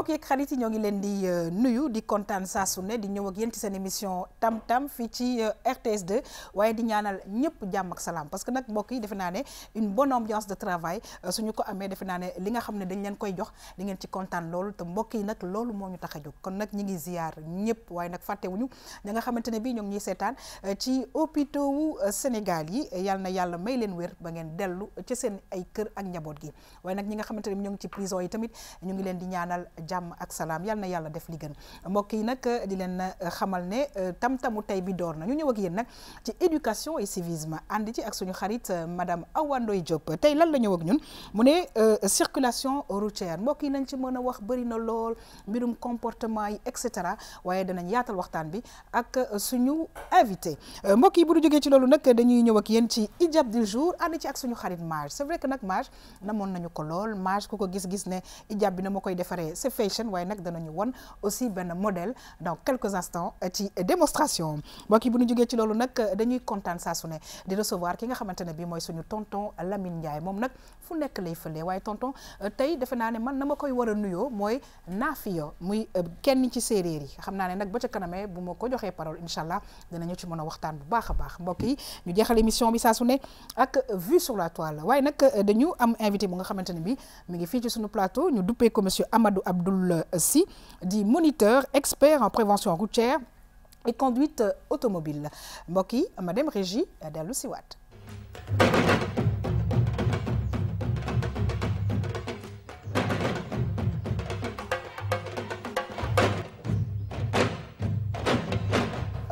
mbokk yeeg xarit yi ñoo leen di euh, nuyu di kontaan saa su ne di ñëw ak yéen ci seen émission tam tam fii ci euh, RTS 2 waaye di ñaanal ñëpp jàmm ak salaam parce que nag mbokk yi defe ne une bonne ambiance de travail euh, suñu ko amee defe naa ne li nga xam ne dañ leen koy jox di ngeen ci kontaan loolu te mbokk yi nag loolu moo ñu tax a jóg kon nag ñi ngi ziar ñëpp waaye nag fàttewuñu ña nga xamante ne bii ñoo ngi ñuy seetaan ci hôpitaux wu Sénégal yi yal na yàlla may leen wér ba ngeen dellu ci seen ay kër ak njaboot gi waaye nag ñi nga xamante ne ñoo ngi ci prison yi tamit ñu ngi leen di ñaanal jàmm ak salam yalna yalla def li gën mbokk yi nag di len euh, xamal ne euh, tam-tamu tey bi door na ñu ñëw ak yeen nak ci éducation et civisme and ci ak suñu xarit euh, madame awandoy job tay lan la ñëw ak ñun mu né circulation routière mbokk yi nañ ci mëna wax bari na lool mbirum comportement yi et cetera waaye danañ yaatal waxtaan bi ak suñu invité mbokk yi bu du joggé ci loolu nak dañuy ñëw ak yeen ci ijab du jour and ci ak suñu xarit Mage c'est vrai que nak Mage namon nañu ko lool Mage ko ko gis-gis né ijab bi na ma koy defaree fashion waaye nak danañu won aussi ben modèle dans quelques instants euh, ci démonstration bokki yi bu ñu jógee ci lolu nak euh, dañuy kontaan sa suné di recevoir ki nga xamante bi moy suñu tonton Lamine Ndiaye mom nak fu nek lay feulé waaye tonton euh, tey defe naa ne man na ma koy war a nuyoo mooy muy kenn ci séeréer yi xam naa ba ca kanamee bu ma joxé parole inshallah allah dinañu ci mëna a waxtaan bu baax a baax mbokk yi ñu jeexal émission bi sa suné ak vue sur la toile waaye nak dañu am invité bu nga xamante bi mi ngi fi ci suñu plateau ñu duppee ko monsieur Amadou Abdou. Si, dit moniteur, expert en prévention routière et conduite automobile. Moki, Madame Régie, Adaloussi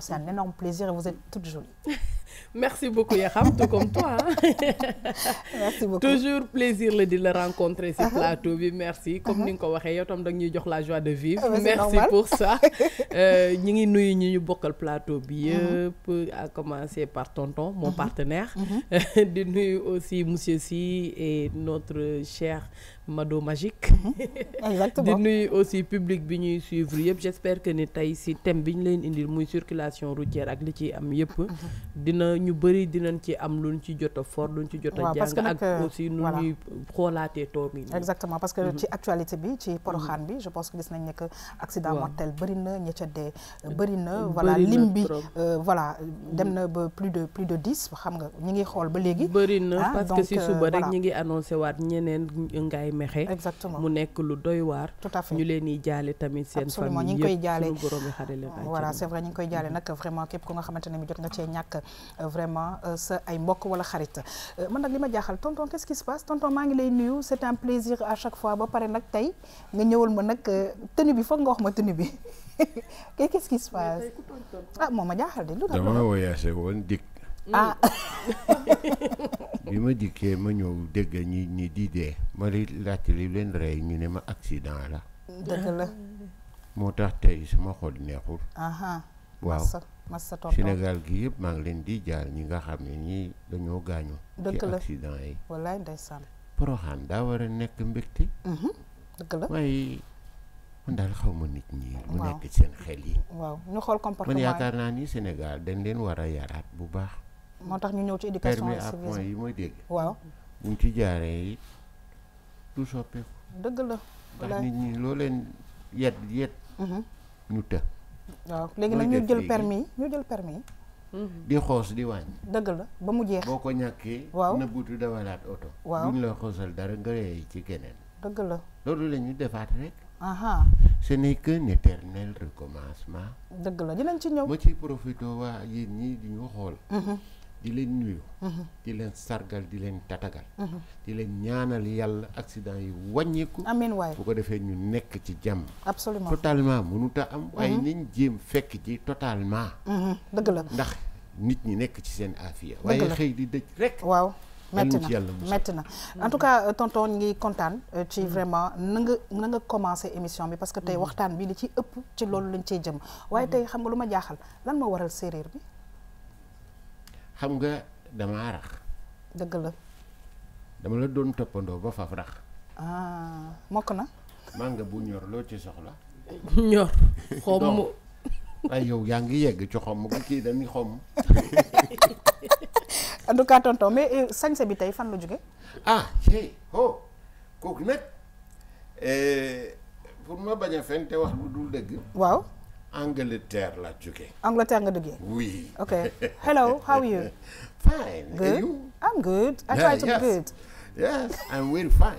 c'est un énorme plaisir et vous êtes toute jolie merci beaucoup Yakham tout comme toi hein. merci beaucoup toujours plaisir de les rencontrer ces uh-huh. plateau bi merci uh-huh. comme nous nga la joie de vivre merci pour ça Nous euh, ngi nous ñi plateau bi euh, à commencer par tonton mon partenaire de nous aussi monsieur si et notre cher Mado Magique. Mhm. exactement di nuyu aussi public bi ñuy suivre yépp. J'espère que ni tay si thème bi ñu leen indil muy circulation routière ak li ci am yépp mhm. dina ñu bëri dinañ ci am luñ ci jot a fort luñ ci jot a jàng ak aussi nu ñuy xoolaatee toog yi. exactement parce que mhm. ci actualité bi ci poroxaan bi je pense que gis nañ ne que accident mortel bëri na ña ca dee. Euh, bëri na voilà lim bi euh, voilà dem na ba plus de plus de dix xam nga ñi ngi xool ba léegi. bëri na ah, parce que si euh, suba rek ñi ngi annoncé waat ñeneen ngay mexe exactement mu nek lu doy war tout à fait ñu leen di jaale tamit seen famille ñu ngi koy jaale suñu borom yi xare voilà c'est vrai ñu koy jaale nak vraiment képp ko nga xamante mi jot nga ci ñak euh, vraiment euh, sa ay mbokk wala xarit euh, man nak lima jaxal tonton qu'est-ce qui se passe tonton ma ngi lay nuyu c'est un plaisir à chaque fois ba paré nak tay nga ñëwul ma nak tenue bi foog nga wax ma tenue bi qu'est-ce qui se passe ah moma jaxal de lu dama voyagé woon dikk ah. Mm. bi ma dikkee ma ñëw dégg ñi ñi di dee ma di laajte li leen rey ñu ne ma accident la. dëgg la. moo tax tey sama xol neexul. waaw massa topp gi yëpp maa ngi leen di jaal ñi nga xam ne ñii dañoo gaañu. dëgg la ci accident yi. wallaay ndeysaan. war nekk mbégte. Mhm. dëgg la waaye man daal xaw ma nit ñi. mu nekk seen xel yi. waaw ñu xool man yaakaar naa ni senegal dañ leen war a yaraat bu baax. moo tax ñu ñëw ci éducation et civisme point yi mooy dégg. waaw ñu ci jaaree yi du soppeeku. dëgg la. ndax nit loo leen yet yet. Mhm. ñu të. waaw léegi nag ñu jël permis ñu mhm. di xoos di wàññi. dëgg la ba mu jeex. boo ko ñàkkee. waaw na buutu dawalaat oto. waaw duñ la xoosal dara nga rey ci keneen. dëgg la loolu la defaat rek. ce n'est qu'un éternel recommencement. dëgg la dinañ ci ñëw. ma ciy profité waa yéen ñii di ñu xool. Mhm. di leen nuyu. Mm-hmm. di leen sargal di leen tatagal. Mm-hmm. di leen ñaanal yàlla accident yi wàññeeku. amiin waaye bu ko defee ñu nekk ci jàmm. absolument totalement mënut a am. waaye mm-hmm. nañ jéem fekk ci totalement. dëgg la ndax nit ñi nekk ci seen aafiya. waaye xëy di dëj rek. waaw. metti na metti na en tout cas euh, tonton ñu ngi kontaan euh, ci vraiment na nga na nga commencé émission bi parce que tey waxtaan bi li ci ëpp ci loolu lañ cee jëm waaye tey xam nga lu ma jaaxal lan moo waral séeréer bi. xam nga damaa rax. dëgg la. dama la doon toppandoo ba faf rax. ah mokk na. mànga bu ñor loo ci soxla. ñor xomm. ay yow yaa ngi yegg ci xomm gi kii dañuy xomm. en tout cas euh, sañse bi tey fan la jóge ah ci oh kooku nag eh, pour ma bañ a fen te wax lu dul dëgg. waaw. Angleterre la jóge. Angleterre nga jóge. oui. okay hello how are you. fine. good and you. I'm good. I try to be good. yes I'm very fine.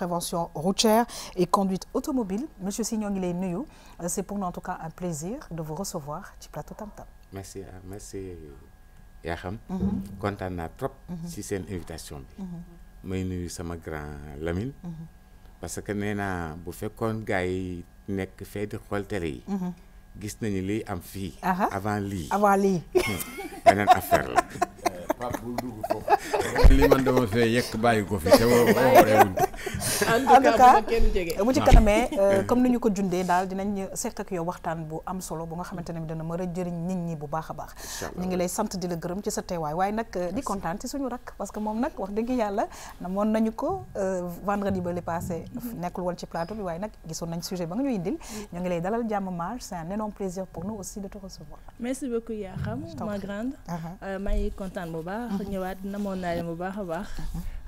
prévention routière et conduite automobile monsieur si ñoo c'est pour nous en tout cas un plaisir de vous recevoir du plateau Tam merci merci Yaham. xam. kontaan naa trop. ci une invitation bi. may nuyu sama grand Lamine. parce que nous avons bu fekkoon gars yi nekk fee di yi. gis nañu li am fi avant lui. avant li beneen affaire la. Pape bul dugg li man dama fee yek bayiko fi te en tout cas ci ah. kanamee euh, comme ni ñu ko jundee daal dinañ seq yow waxtaan bu am solo bu nga xamante ne dana mën a jëriñ nit ñi bu baax a baax ñu ngi lay sant di la gërëm ci sa teewaay waaye nag euh, di kontaan ci suñu rakk parce que moom nag wax dëgg yàlla na namoon nañu ko euh, vendredi ba li nekk nekkul woon ci plateau bi waaye nag gisoon nañ sujet ba nga ñu indil mm. ñu ngi lay dalal jàmm Mar c'est un énorme plaisir pour nous aussi de te recevoir merci beaucoup ma uh-huh. kontaan bu baax uh-huh. ñëwaat namoon naa bu baax a baax uh-huh.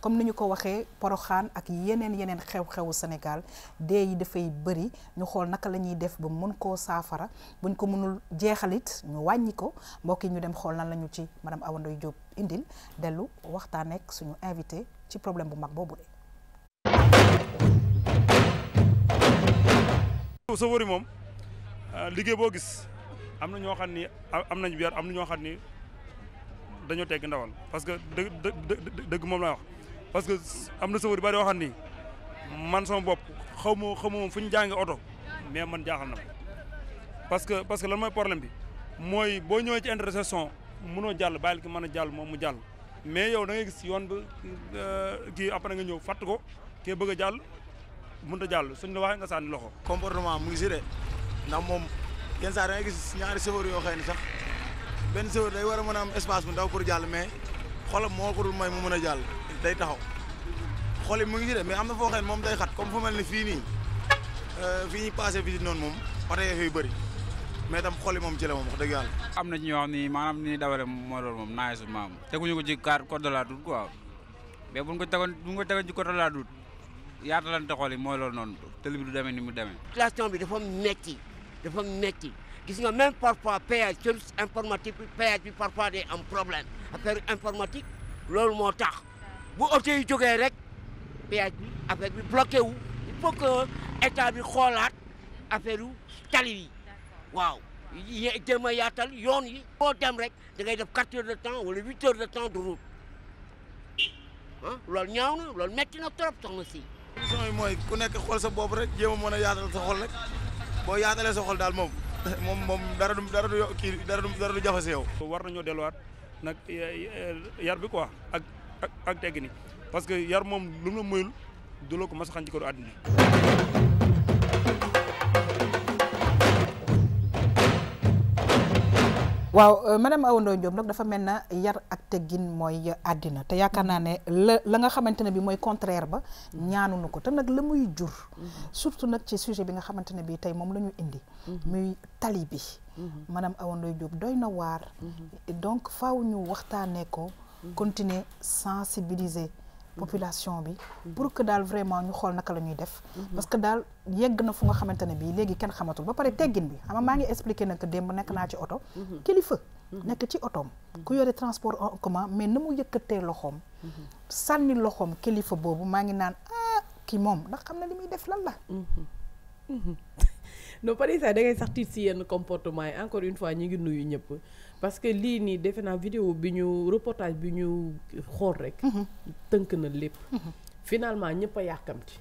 comme ni ñu ko waxee poroxaan ak yeneen yeneen xew-xewu senegal dee yi dafay bari ñu xool naka la ñuy def ba mun koo saafara buñ ko mënul jeexalit ñu wàññi ko mbokk ñu dem xool nan la ñu ci madame Awa Ndoye Diop indil dellu waxtaan ak suñu invité ci problème bu mag boobu de. sofëër yi moom ah, liggéey boo gis am na ñoo xam ni am nañu weer am na ñoo xam ni dañoo tegg ndawal parce que dë dëgg moom laa wax. parce que am na sofër yu bari yoo xam ni man sama bopp xaw ma xaw fu ñu jàngee oto mais man jaaxal na ma parce que parce que lan mooy problème bi mooy boo ñëwee ci intersection munoo jàll bàyyil ki mën a jàll moom mu jàll. mais yow da ngay gis yoon bi euh, kii après nga ñëw fatt ko kii bëgg a jàll mun a jàll suñ la waxee nga sànni loxo. comportement mu ngi si de ndax moom yenn saa da ngay gis ñaari sofër yoo xëy ni sax. benn sëwër day war a mën a am espace bu ndaw pour jàll mais xolam moo ko dul mooy mu mën a jàll day taxaw xol mu ngi ci de mais am na foo xam ne moom day xat comme fu mel ni fii nii euh, fii ñuy passé visite noonu moom oto yi bëri mais tam xol yi moom ci la moom wax dëgg yàlla. am na ci ñoo xam ni maanaam ni dawale moo loolu moom naaj su maam teguñu ko ci carte code de la route quoi mais buñ ko tegoon buñ ko tegoon ci code de la route yaatalante xol mooy loolu noonu te li du demee ni mu demee. situation bi dafa metti dafa metti. gis nga même parfois péage service informatique bi péage bi parfois day am problème affaire informatique loolu moo tax bu oto yi jógee rek péage bi affaire bi bloqué wu il faut que état bi xoolaat affaire yu tali yi waaw jéem a yaatal yoon yi boo dem rek da ngay def quatre heures de temps wala 8 heures de temps de route ah loolu ñaaw na loolu metti na trop soxna si solution yi mooy ku nekk xool sa bopp rek jéem a mën a yaatal sa xol rek boo yaatalee sa xol daal moom moom moom dara du dara du kii dara du dara du jafe si yow. war nañoo delluwaat nag yar bi quoi ak ak ak parce que yar moom lu mu la muyul du la ko mas a xañ ci àddina waaw euh, madame Awa Ndoye Diop nag dafa mel na yar ak teggin mooy àddina te yaakaar naa ne la la nga xamante ne bi mooy contraire ba ñaanunu ko te nag la muy jur mm-hmm. surtout nag ci sujet bi nga xamante ne bi tey moom la ñu indi mm-hmm. muy tali bi mm-hmm. madame Awa Ndoye Diop doy na waar donc faaw ñu waxtaanee ko continuer sensibiliser population bi mm-hmm. pour que daal vraiment ñu xool naka la ñuy def mm-hmm. parce que daal yegg na fu nga xamante ne bii léegi kenn xamatul ba pare teggin bi xam maa ngi expliqué nag démb nekk naa ci mm-hmm. oto kilifa nekk ci otoom ku yore transport en commun mais na mu yëkkatee loxoom sànni loxoom kilifa boobu maa ngi naan ah kii moom ndax xam na li muy def lan la non par exemple da sax tiit si yenn comportement yi encore une fois ñu ngi nuyu ñëpp parce que lii ni defe naa vidéo bi ñu reportage bi ñu xool rek. Mhm. teunk na lepp mhm. finalement ñëpp yakamti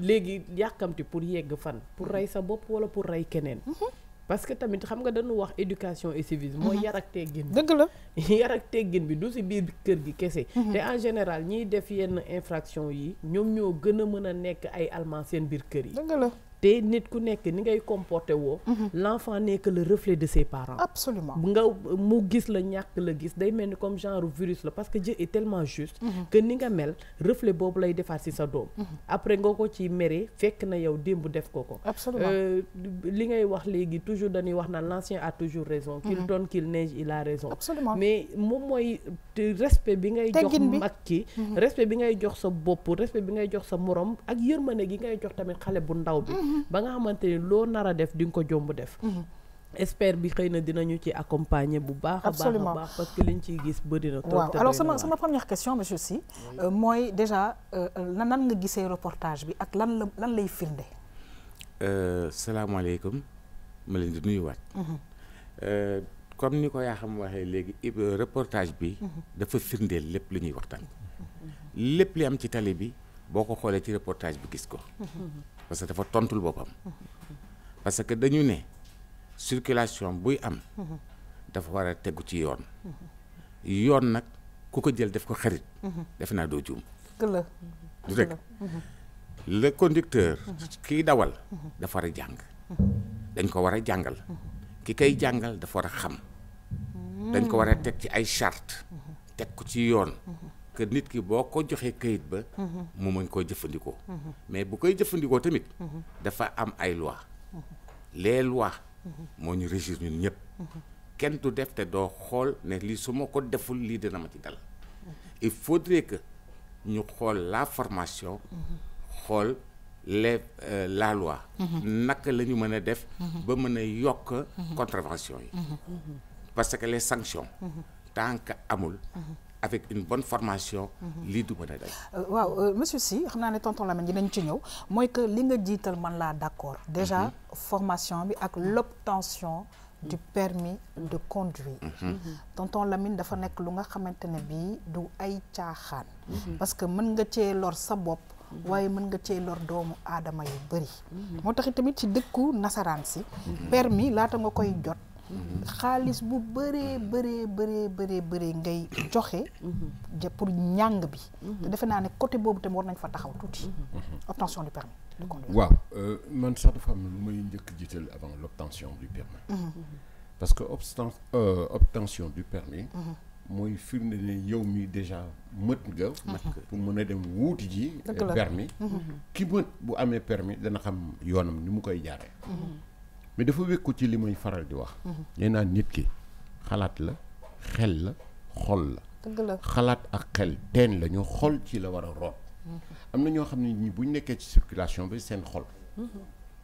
légui yakamti pour yegg fan. pour ray sa bop wala pour ray kenen mhm. parce que tamit xam nga dañu wax éducation et civisme mooy yar ak teggin bi la yar ak teggin bi du ci biir kër gi kessé té en général ñi def yenn infraction yi ñom ñoo gëna mëna nek nekk ay allemand seen biir kër yi deug la te nit ku nekk ni ngay comporté woo. Mhm. l'enfant n'est que le reflet de ses parents. absolument nga mu gis la ñàkk la gis day mel ni comme genre virus la parce que Dieu est tellement juste. Mhm. que ni nga mel reflet boobu lay defaat ci sa doom. Mhm. après nga ko ci mere fekk na yow démb def ko ko. absolument euh, li ngay wax léegi toujours dañuy wax na l' ancien a toujours raison. qu'il donne qu'il neige il a raison. absolument mais moom mooy respect bi ngay. jox mag ki respect bi ngay jox sa bopp respect bi ngay jox sa morom ak yërmande gi ngay jox tamit xale bu ndaw bi ba nga xamante ni loo nar a def di nga ko jomb def mhm. espère bi xëy na dinañu ci accompagner bu baax a baax parce que liñ ciy gis bëri na waaw alors sama sama première question monsieur si. Euh, mooy déjà euh, euh, nan nga gisee reportage bi ak lan la lan lay firnde salaamaaleykum ma leen di nuyuwaat mhm. comme ni ko yaa xam waxee léegi reportage bi mhm. dafa firndeel lépp lu ñuy waxtaan lépp li am ci tali bi boo ko xoolee ci reportage bi gis ko parce que dafa tontul boppam parce que dañu ne circulation buy am dafa war a tegu ci yoon yoon nag ku ko jël def ko xarit def naa doo juum du rek le conducteur kiy dawal dafa war a jàng dañ ko war a jàngal ki kay jàngal dafa war a xam dañ ko war a teg ci ay charte teg ko ci yoon que nit ki boko joxe kayit ba. mo mhm. mën ko jëfëndiko mhm. mais bu koy jëfëndiko tamit. Mhm. dafa am ay loi les lois. mo ñu régir ñun ñëpp. kenn du def te do xol ne li su ko deful li dina ma ci dal. il faudrait que ñu xol la formation. xol les euh, la loi. nak lañu mëna def. ba mëna yok contravention yi. parce que les sanctions. tant que amul avec une bonne formation. Mhm. les du euh, euh, monsieur si que d'accord. déjà mhm. formation bi l'obtention du permis de conduire. Mhm. tonton Lamine dafa nek lu nga xamantene bi du ay je parce que mën nga ci lor sa bop waye mën nga lor doomu à yu bari. tamit ci permis la nga koy jot xaalis bu bëree bëree bëree bëree bëree ngay joxe. Mhm. ja pour njàng bi. Mhm. te defe naa ne côté boobu tam war nañ fa taxaw tuuti. Mhm. obtention du permis de conduire. waaw euh, man sax dafa am lu may njëkk jiital avant l'obtention du permis. parce que obstan euh, obtention du permis. mooy firnde ne yow mi déjà mët nga. pour mën a dem wuuti ji. permis ki mët bu amee permis dana xam yoonam ni mu koy jaaree. mais dafa wékku ci li muy faral di wax. nee mhm. naa nit ki xalaat la xel la xol la. xalaat ak xel teen la ñu xol ci la war a root. Mhm. am na ñoo xam ne ñi bu nekkee ci circulation bi seen xol. Mhm.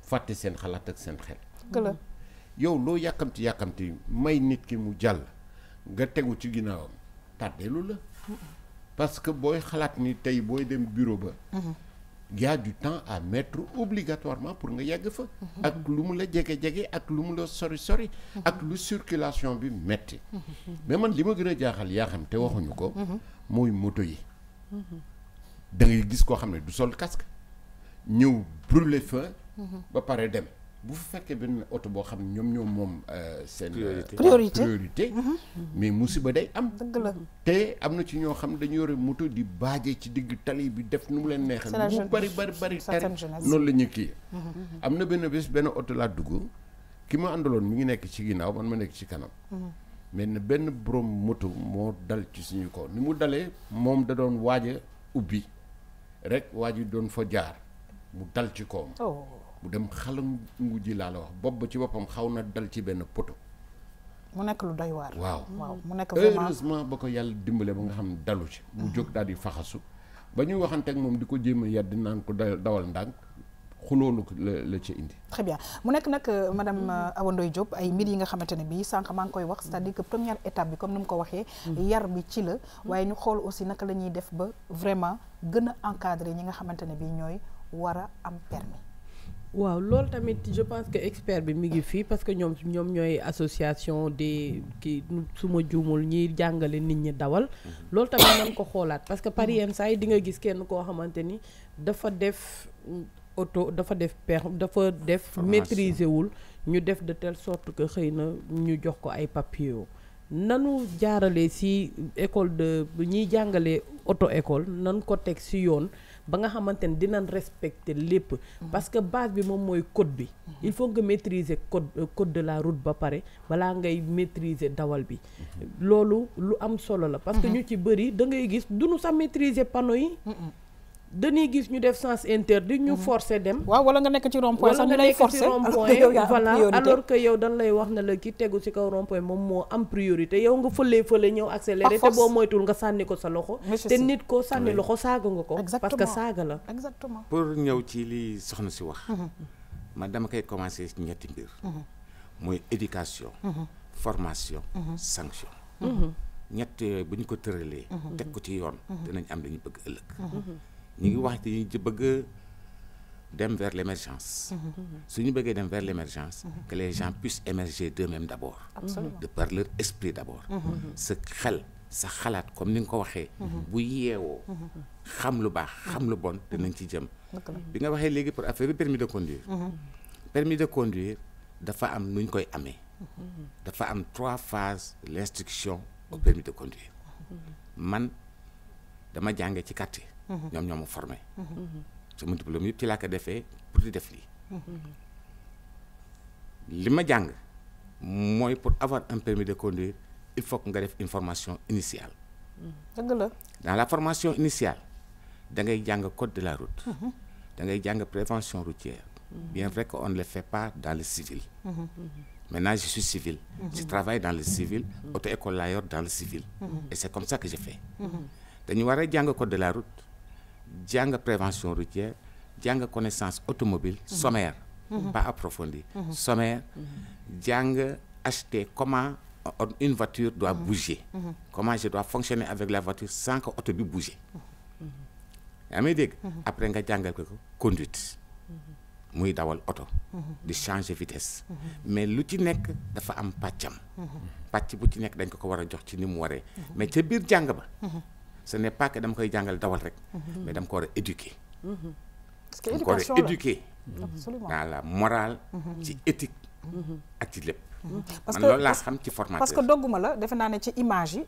fàtte seen xalaat ak seen xel. dëgg la yow loo yàkkamti yàkkamti may nit ki mu jàll nga tegu ci ginnaawam tàddeelu la. parce booy xalaat ni tey booy dem bureau ba. yaa du temps à mettre obligatoirement pour nga yegg fa. ak lu mu la jege jege ak lu mu la sori sori. ak lu circulation bi metti mais man li ma gën a jaaxal yaa xam te waxuñu ko. mooy moto yi. da ngay gis koo xam du sol casque ñëw brûler fa. ba pare dem. bu fekkee benn oto boo xam ne ñoom ñoom moom euh, seen. Euh, priorité priorité. Mhm. Mm-hmm. mais musiba day am. dëgg la te am na ci ñoo xam dañu yore moto di baaje ci digg tali bi def nu mu leen neexal. bu bari bari bari tari noonu la ñu kii. Mm-hmm. am na benn bés benn oto laa dugg ki ma àndaloon mu ngi nekk ci ginnaaw man ma nekk ci kanam. Mm-hmm. mais na benn borom moto moo dal ci suñu ko ni mu dalee moom da doon waaj a ubbi rek waaj doon fa jaar mu dal ci koom. mu dem xalangu ji laa la wax bopp ba ci boppam xaw na dal ci benn poto. mu nekk lu doy waar. waaw waaw mu nekk vraiment heureusement ba ko yàlla dimbale ba nga xam ne dalu ci. mu jóg daal di faxasu. ba ñuy waxanteeg moom di ko jéem a yedd naan ko dawal ndànk. xuloolu la la ci indi. très mu nekk nag euh, madame euh, Awa Ndoye Diop ay mbir yi nga xamante ne bii sànq maa ngi koy wax c'est-à-dire que première bi comme ni mu ko waxee. Mm. yar bi ci la. Mm. waaye ñu xool aussi naka la ñuy def ba vraiment gën a ñi nga xamante ne bii ñooy war a am permis. waaw loolu tamit je pense que expert bi mi ngi fii parce que ñoom ñoom ñooy association des ki su ma juumul ñiy jàngale nit ñi dawal mhm. loolu tamit nan ko xoolaat parce que par yenn saa yi di nga gis kenn koo xamante ni dafa def auto dafa def per dafa def maîtriser wul ñu def de telle sorte que xëy na ñu jox ko ay papiers nanu jaarale ci école de ñiy jàngale auto école nan ko teg ci yoon ba nga xamante dinañ respecter lépp. parce que base bi moom mooy code bi. il faut nga maîtriser code euh, code de la route ba pare bala ngay maîtriser dawal bi. loolu lu am solo la. parce que mm-hmm. ñu ci bëri da ngay gis du nu sax maîtriser panneau yi dañuy gis ñu def sens interdit ñu mhm. forcer dem. waaw wala nga nekk ci rond point sax ñu lay forcer voilà alors que yow dañ lay wax ne la ki tegu ci kaw rond point moom moo am priorité yow nga fëlee fële ñëw accélérer. te boo moytul nga sànni ko sa loxo. te nit ko sànni loxo saaga nga ko. parce que saaga la. exactement pour ñëw ci li soxna si wax. Mhm. man dama koy commencer ci ñetti mbir. Mhm. mooy éducation. formation. sanction. ñett buñ ko tëralee. teg ko ci yoon. dinañ am li ñu bëgg ëllëg ñu ngi wax ci bëgg dem vers l'émergence su ñu dem vers l'émergence que les gens puissent émerger d'eux-mêmes d'abord de par leur esprit d'abord ce mm-hmm. xel sa xalaat comme ni nga ko waxee mm-hmm. bu yeewoo mm-hmm. xam lu baax xam lu bon te nañ ci jëm bi nga waxee léegi pour affaire bi permis de conduire permis de conduire dafa am nuñ koy amee dafa am trois phases l'instruction au permis de conduire man dama jànge ci quartier ils mm-hmm. ñoo formés. c'est mon diplôme yëpp ci la ko défé pour di def mm-hmm. pour avoir un permis de conduire il faut qu'on nga une formation initiale. Mm-hmm. la. dans la formation initiale da ngay jang code de la route. da ngay jang prévention routière. bien vrai qu'on ne le fait pas dans le civil. maintenant je suis civil. je travaille dans le civil auto école dans le civil. et c'est comme ça que je fais dañu on a jàng code de la route jàng prévention routière jàng connaissance automobile mhm. sommaire mhm. pas approfondie mhm. sommaire jàng acheter comment une voiture doit bouger comment je dois fonctionner avec la voiture sans que auto bouge. bouger yaa may dégg après nga jàngal conduite muy dawal auto di changer vitesse mais lu ci nek dafa am patcham patch bu ci nek dañ ko ko wara jox ci mais c'est bir jàng ba ce n'est pas que dama koy mhm. mais ils ko mhm. parce que dans la morale. Mhm. ci éthique. ak parce que parce que la def na ci image yi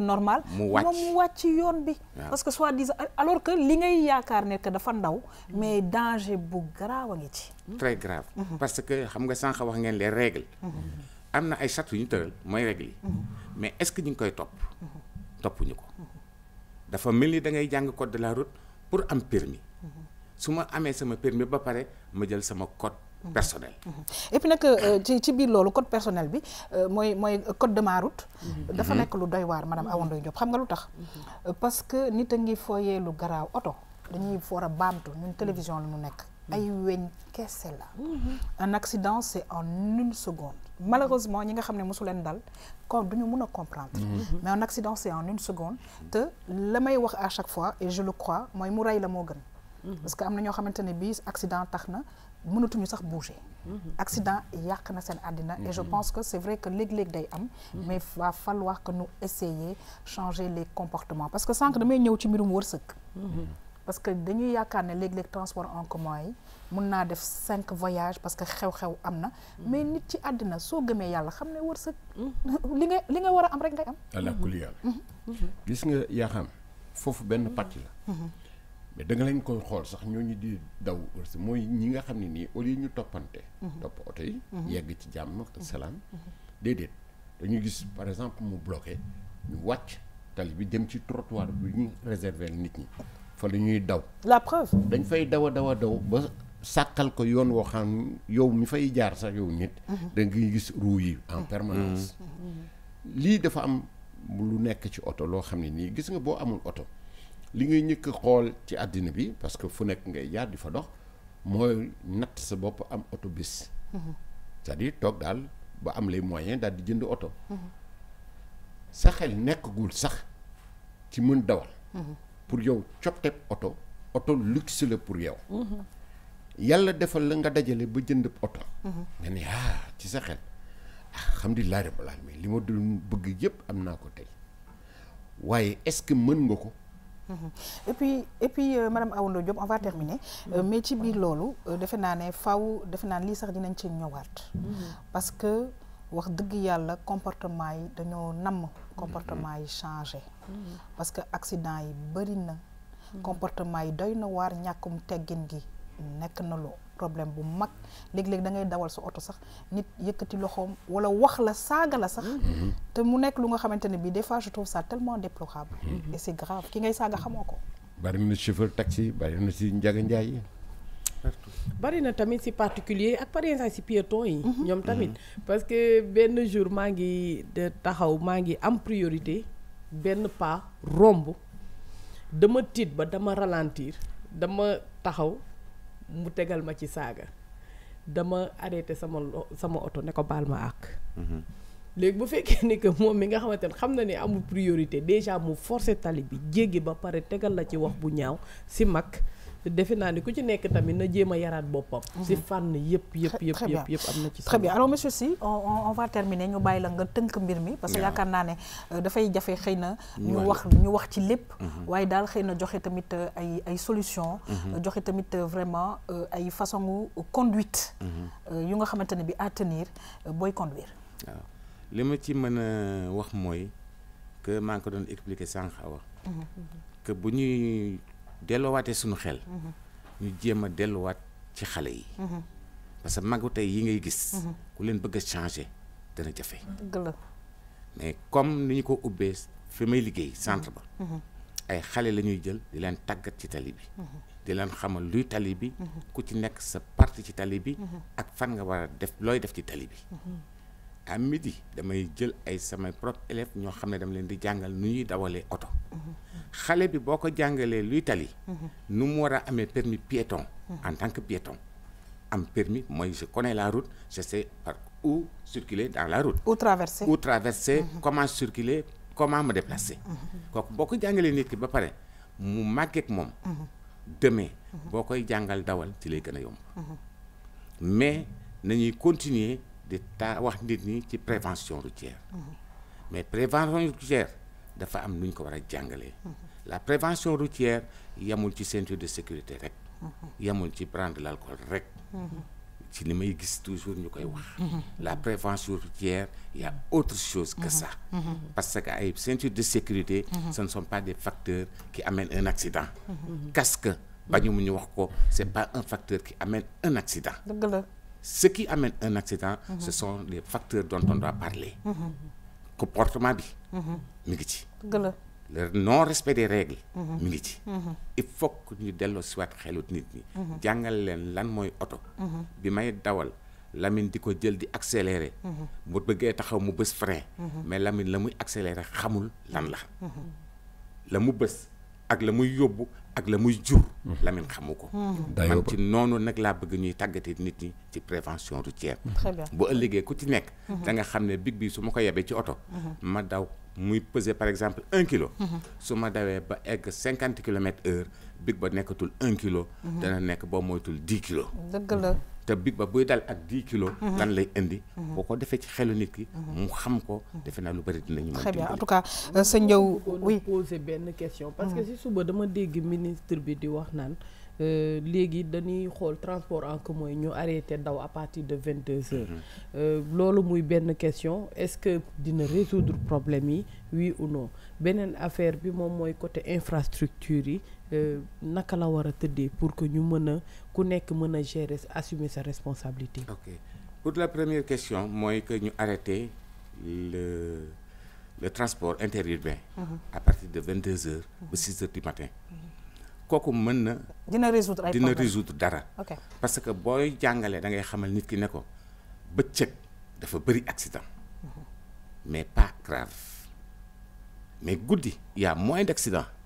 normal. parce que soit alors que li ngay ne dafa ndaw. mais danger bu grave très grave. parce que xam nga sank wax les règles. am na ay sat yu ñu tëral mooy règle mhm. mais est-ce que ñu ngi koy topp ñu ko dafa mel ni da ngay jàng code de la route pour am permis su ma amee sama permis ba pare ma jël sama code mhm. personnel. Mhm. et puis euh, ci biir loolu code personnel bi euh, mooy mooy code de ma route. dafa nekk lu doy waar madame Awa Ndoye Diop xam nga lu tax. Euh, parce que nit a ngi fooyee lu garaaw oto dañuy war a baamtu ñun télévision la ñu nekk. ay weñ kese la. un accident c'est en une seconde. malheureusement ñi ne dal mhm. Mhm. mais un accident c'est en une seconde te le à chaque fois et je le crois mhm. parce que l'accident accident ne L'accident, bouger accident na et je pense que c'est vrai que les day mais va falloir que nous de changer les comportements parce que parce que dañuy transport en commun mun naa def cinq voyages parce que xew-xew am na mm-hmm. mais nit ci àddina soo gëmee yàlla xam ne wërsëg mm-hmm. li nga li nga war a am rek ngay am kuli yàlla mm-hmm. gis nga yaa xam foofu benn pàcc la mais da nga leen koy xool sax ñooñu di daw wërsëg mooy ñi nga xam ne nii au lieu ñu toppante topp oto yi yegg ci jàmm salaam déedéet dañu gis par exemple mu bloqué ñu wàcc tali bi dem ci trottoir bi ñu réserver nit ñi fa la ñuy daw la preuve dañ fay daw a daw a daw ba sàkkal ko yoon woo xam yow mi fay jaar sax yow nit mhm. da ngay gis roue yi en mhm. permanence mhm. lii dafa am lu nekk ci oto loo xam ne nii gis nga boo amul oto li ngay ñëkk xool ci àddina bi parce que fu nekk ngay jaar di fa dox mooy natt sa bopp am oto bis cest à toog daal ba am les moyens daal di jënd oto sa xel nekkagul sax ci mën dawal pour yow copteb oto oto luxe la pour yow yàlla defal la nga dajale ba jënd oto. Mhm. nga ne ah ci sa xel ah, alhamdulilah rabbil alamin li ma doon bëgg yëpp am naa ko tey waaye est-ce que mën nga ko. Mhm. et puis et puis euh, madame awondo Diop on va terminer euh, mais ci biir loolu euh, defe naa ne faw defe naa ne lii sax dinañ ci ñëwaat. Mhm. parce que wax dëgg yàlla comportement yi dañoo namm. comportement yi changé. parce que accident yi bëri na. comportement yi doy na waar ñàkkum teggin gi nek na lo problème bu mag léeg-léeg da ngay dawal sa oto sax nit yëkkati loxoom wala wax la saaga la sax mhm. te mu nekk lu nga xamante ne bii des fois je trouve ça tellement déplorable mhm. et c'est grave ki ngay saaga xamoo ko bari na chauffeur taxi bari na si njaga njaay yi bari na tamit si particulier ak par exemple si piéton yi mhm. ñoom tamit parce que benn jour maa ngi de taxaw maa ngi am priorité benn pas romb dama tiit ba dama ralentir dama taxaw mu tegal ma ci saaga dama arrêté sama sama oto ne ko baal ma àq mhm. léegi bu fekkee ni que moom mi nga xamante ne xam na ne amul priorité déjà mu forcé tali bi jéggi ba pare tegal la ci wax bu ñaaw si mag te ni ku ci tamit na yaraat alors monsieur Sy on on va terminer nous nous, la nga nous, mbir parce que nous, nous, nous, wax nous, wax ci nous, nous, des nous, tamit euh, ay ay solution nous, mhm. euh, tamit euh, vraiment ay façon nous, conduite. Mhm. à tenir conduire. ci nous, que nous, ko expliquer nous, mhm. que bu delloowaatee suñu xel. ñu jéem a delluwaat ci xale yi. parce que magu tey yi ngay gis. ku leen bëgg a changer dana jafe. mais comme ni ñu ko ubbee fi may liggéey centre ba. ay xale la ñuy jël di leen tàggat ci tali bi. di leen xamal luy tali bi. ku ci nekk sa parti ci tali bi. ak fan nga war a def looy def ci tali bi. à midi damay jël ay samay propre élèves ñoo xam ne dama leen di jàngal nu ñuy dawalee oto xale bi boo ko jàngalee luy tali nu mu war a amee permis piéton en tant que piéton am permis mooy je connais la route je sais par où circuler dans la route ou traverser ou traverser mhm. comment circuler comment me déplacer mhm. kooku boo ko jàngalee nit ki ba pare mu màggeek moom mhm. demee boo koy jàngal dawal ci lay gën a yomb mais nañuy continuer de wax nit ñi ci prévention routière mais prévention routière dafa am luñ ko war a jàngalee la prévention routière yamul ci ceinture de sécurité rek yamul ci prendre l'alcool rek ci li may gis toujours ñu koy la prévention routière il y a autre chose que ça parce que ay ceinture de sécurité ce ne sont pas des facteurs qui amènent un accident casque bañu mu ñu wax ko c'est pas un facteur qui amène un accident ce qui amène un accident, mm -hmm. ce sont les facteurs dont on doit parler. Mm -hmm. Comportement bi, mhm. ngi ci. le non respect des règles. Mhm. mi mhm. il faut que ñu delloo soit xelu nit ñi. jàngal leen lan mooy oto. bi may dawal Lamine di jël di accélérer. mu bëggee taxaw mu bës frein. mais Lamine la accélérer xamul lan la. la mu bës ak la muy ak la muy jur mhm. Lamine xamu mhm. man ci nonu nak la bëgg ñuy tagati nit ñi ci prévention routière mhm. bu ëllëgee ku ci nekk da nga xamné big bi su ma ko yebee ci auto ma daw muy peser par exemple 1 kg suma dawé ba egg 50 km/h big ba nekkatul un kilo dana nekk boo moytul 10 kg deug la te big ba buy dal ak 10 kilos. Mhm. lan lay indi. Mhm. boko defé ci xelu nit ki. Mhm. mu xam ko defé na lu bari dina ñu très bien en tout cas euh, sa njëw oui poser benn question. parce que si suba dama dégg ministre bi di wax euh, légui dañuy xol transport en commun yi ñu arrêté daw à partir de vingt deux euh, lolu muy benn question est-ce que dina résoudre problème yi oui ou non benen affaire bi mom moy côté infrastructure yi euh, naka la war pour que ñu mën ku nekk gérer assumer sa responsabilité. ok pour la première question mooy que ñu arrêter le le transport interurbain. Mhm. à partir de 22h heures. 6h mhm. du matin. kooku mën na. dina résoudre ay dina résoudre dara. parce que booy jàngale da ngay xamal nit ki ne ko bëccëg dafa bëri accident. Mhm. mais pas grave mais il y a moins d'accidents.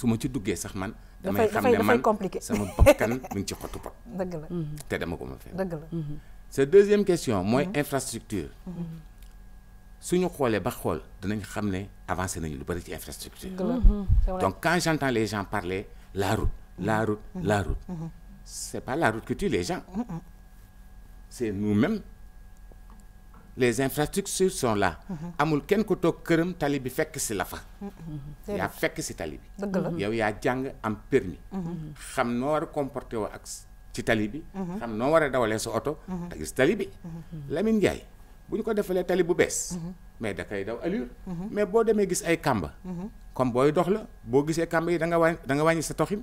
su ma ci duggee sax man. damay xam ne man sama bakkan mi ngi ci xottu pot. dëgg la mhm. te dama ko ma dëgg la mhm. deuxième question mooy mhm. infrastructure. suñu nous ba les dinañ xam ne avancer nañu lu bari ci infrastructure. donc quand j'entends les gens parler la route la route la route. c'est pas la route que tue les gens. c'est nous-mêmes les infrastructures sont là. amul ken ko tok keureum tali bi fekk ci lafa. fa. yaa fekk ci tali bi. dëgg la yow yaa jàng am permis. xam noo war a ak ci tali bi. xam noo war a sa oto. tali bi. Lamine Ndiaye buñ ko defale tali bu mais da kay daw allure. mais bo demé gis ay kamba. comme boy dox la bo gisee kamba yi da nga wàññi da nga sa toxim.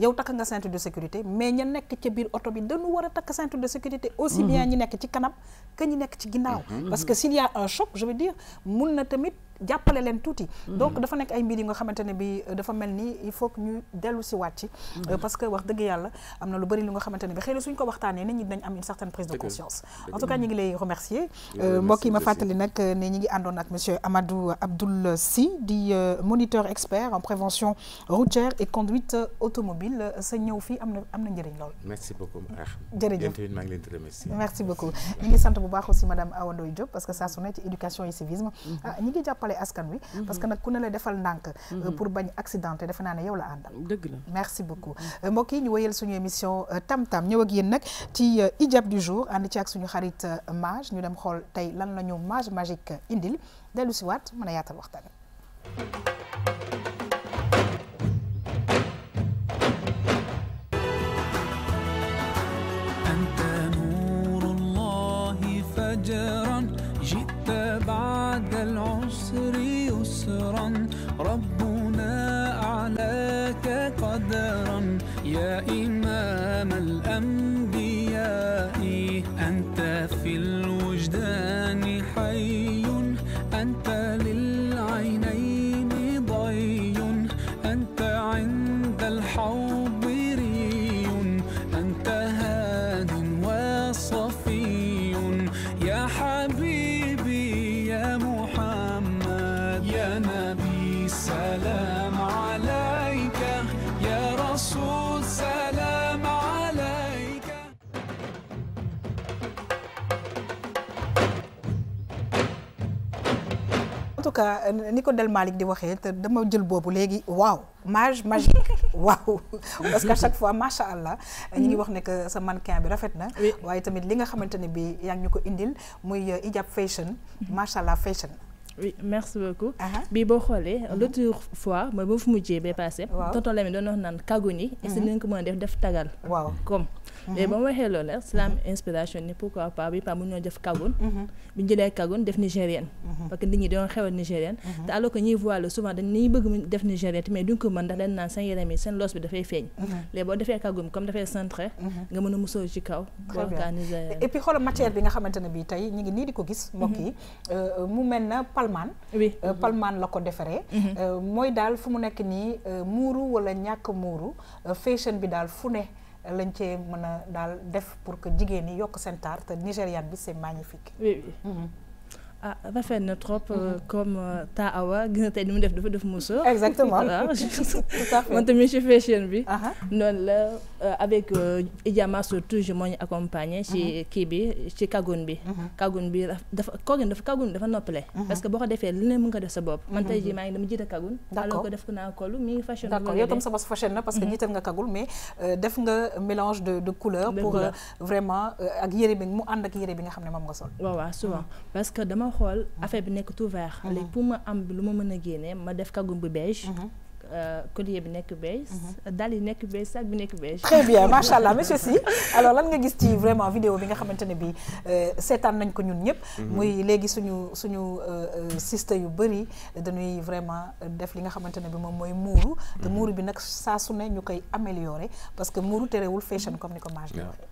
yow tak nga ceinture de sécurité mais ña nek ci biir auto bi dañu wara tak ceinture de sécurité aussi bien mhm. ñi nek ci kanam que ñi nek ci ginnaw mhm. parce que s'il y a un choc je veux dire mun na tamit jàppale len touti mhm. donc dafa nek ay mbir yi nga xamantene bi euh, dafa melni ni il faut que ñu delu ci mhm. euh, parce que wax deug yalla amna lu bari lu nga xamantene bi suñ ko waxtane nit ñi dañ am une certaine prise de conscience en tout cas ñi ngi lay euh, remercier mbokk yi ma fatali nak ne ñi ngi àndoon ak monsieur Amadou Abdoul si di moniteur expert en prévention routière et conduite automobile sa ñëw fi amna amna merci beaucoup jërëjëf merci beaucoup ñi ngi sante bu baax aussi madame Awa Diop parce que ça sonne ci éducation et civisme mhm. ah, ñi ngi jappalé jàppale askan wi mhm. parce que nag ku ne la defal ndànk euh, mhm. pour bañ accidenté defe naa ne yow la àndal dëgg la merci beaucoup mhm. euh, mbokk yi ñu wéyal suñu émission euh, tam tam ñëw ak yéen nag ci ijab du jour ànd ci ak suñu xarit mage ñu dem xool tey lan la ñu mage magique indil dellu si waat mën a yaatal waxtaan أنت نور الله بعد العسر يسرا ربنا أعلاك قدرا يا إمام الأنبياء أنت في الوجدان حي أنت tout euh, ni ko Del Malick di waxee te dama jël boobu léegi waaw mage magique waaw parce que chaque fois macha allah. ñi ngi wax ne que sa mannequin bi rafet na. waaye tamit li nga xamante ne bi yaa ngi ñu ko indil muy hijab euh, fashion. Mhm. macha allah fashion. oui merci beaucoup. bii boo xoolee. Mhm. l'autre fois mooy ba fu mujjee bee paase. waaw tonton Lamine doon wax naan kaguni. Mhm. est-ce que ko mën a def def tagal. waaw comme. Mhm. mais ba ma waxee loolu rek la am inspiration ni pourquoi pas bi pas mun ñoo def kagoun mhm. bu ñu jëlee def nigérienne mhm. parce que nit ñi dañoo xewal nigérienne te alors que ñuy voilé souvent dañ niñuy bëgg ko mën ndax dañ naan seen yaram yi seen loos bi dafay feeñ léegi boo defee kagoun comme dafay centré nga mën a musoo ci kaw bookaa nigérienne et puis xoolal bi nga xamante ne tey ñu ngi nii di ko gis mbokk yi euh, mu mel na palmaan euh, palmaan la ko defaree euh, bi daal fu lañ cee mën a daal def pour que jigéen ñi yokk seen taar te nigériane bi c'est magnifique oui oui. -hmm ah rafet na trop euh, mhm. comme euh, taa awa gis na tey def dafa def muso. exactement tout à fait man tamit ci fashion bi. noonu la euh, avec Idiama surtout je moo ñu accompagné. ci mhm. kii bi ci kagun bi. Mhm. Kagoun bi dafa ko kooku dafa Kagoun dafa noppale. parce que boko ko lene lu mën nga def sa bop man tay ji maa ngi dama jiite kagun. alors que def naa kolu mi fashion. d' accord yow tam sa bopp fashion na parce que jiital nga kagul mais def nga mélange de de couleur. pour vraiment ak yére bi mu and ak yére bi nga xamné mom nga sol. wa wa souvent parce que dama ma xool mhm. affaire bi nekk tout vert. Mhm. léegi pour ma am lu ma mën a génne ma def kagum bu beige. Mhm. Euh, collier bi nekk beige. dàll yi nekk beige sac bi nekk beige. très bien macha allah monsieur si alors lan nga gis ci vraiment vidéo bi nga xamante ne bii euh, seetaan nañ ko ñun ñëpp. muy léegi suñu suñu euh, sister yu bëri dañuy vraiment def li nga xamante ne bi moom mooy muuru. te muuru bi nag saa su ne ñu koy améliorer parce que muuru terewul fashion comme ni ko Mage waxee.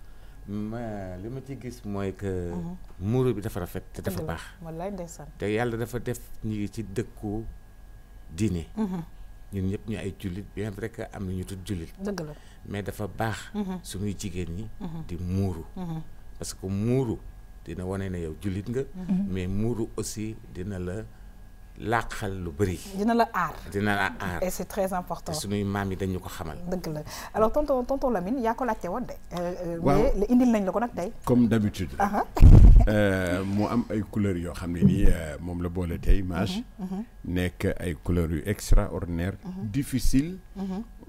ma li ma ci gis mooy que. Mhm. muuru bi dafa rafet te dafa baax. wallaay ndeysaan te yàlla dafa def ñu ci dëkku diine. Mhm. ñun ñëpp ñu ay jullit bien vrai am na ñu tudd jullit. dëgg mais dafa baax. Mhm. suñuy jigéen ñi. di muuru. parce que muuru dina wane na yow jullit nga. mais muuru aussi dina la. laaxal lu bëri. dina la aar dina la aar et c'est très important. suñuy maam yi dañu ko xamal. dëgg la alors tonton tonton Lamine yaa ko laajte woon de. Euh, waaw le indil nañ la ko nag tey. comme d'habitude. Ah ah. Euh, mu am ay couleurs yoo xam ne nii euh, moom la boole tey image. Mhm, mhm. nekk ay couleurs yu extraordinaire mhm. difficile.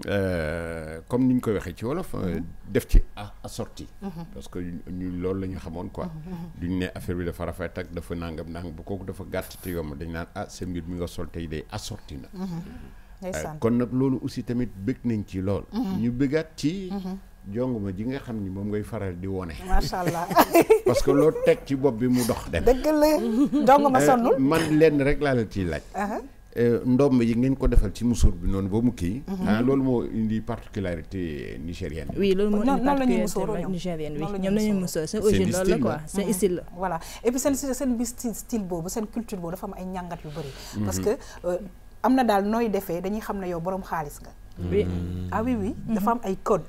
Euh, comme ni ñu koy waxee ci wolof. Euh, mhm. def ci assorti mhm. parce que ñu loolu la ñu xamoon quoi. Mhm. duñ ne affaire bi dafa rafet ak dafa nangam nangam bu kooku dafa gàtt te yomb dañ naan ah sa mbir mi nga sol tey day assorti na. Euh, kon nag loolu aussi tamit bëgg nañ ci lool. ñu bëggaat ci. jonguma ji nga xam ni moom ngay faral di wone macha parce que lool teg ci bopp bi mu dox dem. dëgg la jonguma sonnul man lenn rek laa la laaj. Uh-huh. Euh, ndomb yi ngeen ko defal ci musuur bi noonu ba mu kii. Mhm. Ah, loolu moo indi particularité nigérienne. oui loolu moo indi particularité nigérienne oui seen origine loolu la quoi seen mhm. style la. voilà et puis seen seen bi boobu seen culture boobu dafa am ay ñàngat yu bëri. Mhm. parce que euh, am na daal nooy defee dañuy xam ne yow borom xaalis nga. oui ah oui dafa am ay code.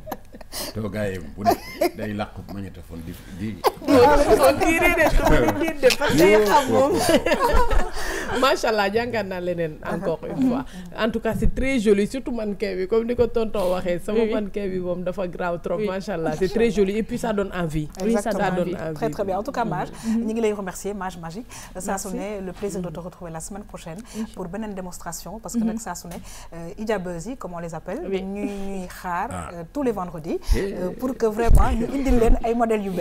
c'est ah. en tout cas c'est très joli surtout mannequin comme très joli et puis ça donne envie. très bien en tout cas Mage. vous mm-hmm. mm-hmm. remercier Magique. ça a le plaisir de te mm-hmm. retrouver la semaine prochaine. pour une démonstration parce que ça a sonné, Ija comme on les appelle. Ah. Euh, tous les vendredis. Euh, pour que vraiment nous des un ay modèle yu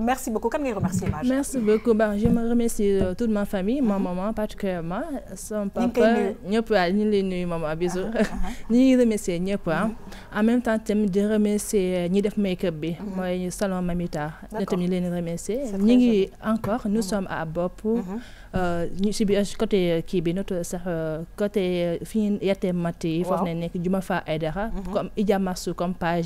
merci beaucoup remercier merci beaucoup bah, je me remercie euh, toute ma famille ma maman particulièrement son papa Ni ah, ñu maman ah, ah, remercier en même temps je me remercier euh, ñi def make-up bi mm-hmm. salon Mamita remercier encore nous mm-hmm. sommes à bord pour mm-hmm. si côté côté fi yi je ne Juma comme Massou comme page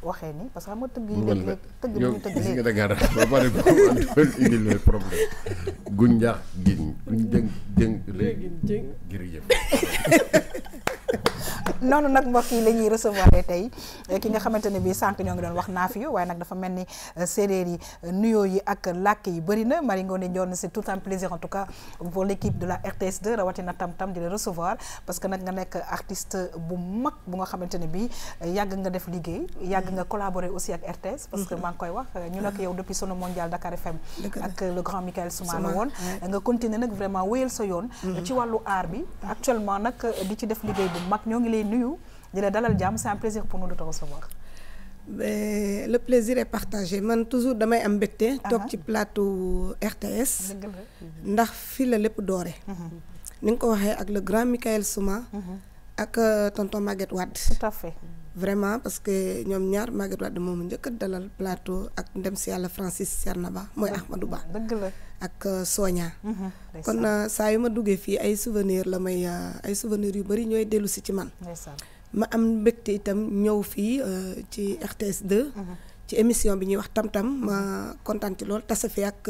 wah ni pas kamu tegi tegi tegi yi dégg tëgg bi ñu tëgg léegi nga dagaar ba pare bu ko indil mbokk yi la ñuy recevoir tay ki nga xamante bi sank sànq ñoo ngi doon wax na fi waaye nak dafa melni ni yi nuyo yi ak lak yi bari na mari ngone Ndione c'est tout un plaisir en tout cas pour l'équipe de la RTS2 rawati na tam tam di la recevoir parce que nak nga nek artiste bu mag bu nga xamante bi eh, yag nga def liggéey yag nga collaboré aussi avec RTS parce que mm-hmm. maa koy wax ñu nak yow depuis Sono Mondial Dakar FM avec le grand Michael Souma la woon nga continuer nak vraiment wéyal sa yoon mm-hmm. ci walu art bi actuellement nak euh, di ci def liggéey bu mak ñoo ngi lay nuyu dalal c'est un plaisir pour nous de te recevoir ben, le plaisir est partagé man toujours damay am mbégte toog ci plateau RTS ndax fi la lepp doré mm-hmm. ni nga ko waxé ak le grand Michael Souma ak euh, tonton Maguette wad tout à fait vraiment parce que ñoom ñaar Maguette Wade moomu njëkk a dalal plateau ak ndem si yàlla Francis Cerna Ba mooy Ahmadou Ba dëgg la ak euh, Soña mhm, kon euh, saa yu ma duggee fii ay souvenir la may euh, ay souvenirs yu bari ñooy dellu si ci man ma am mbégte itam ñëw fii ci RTS mhm. ci émission bi ñuy wax tam-tam ma kontaan ci lool tasa fi ak